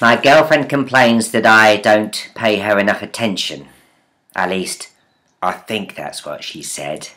My girlfriend complains that I don't pay her enough attention. At least, I think that's what she said.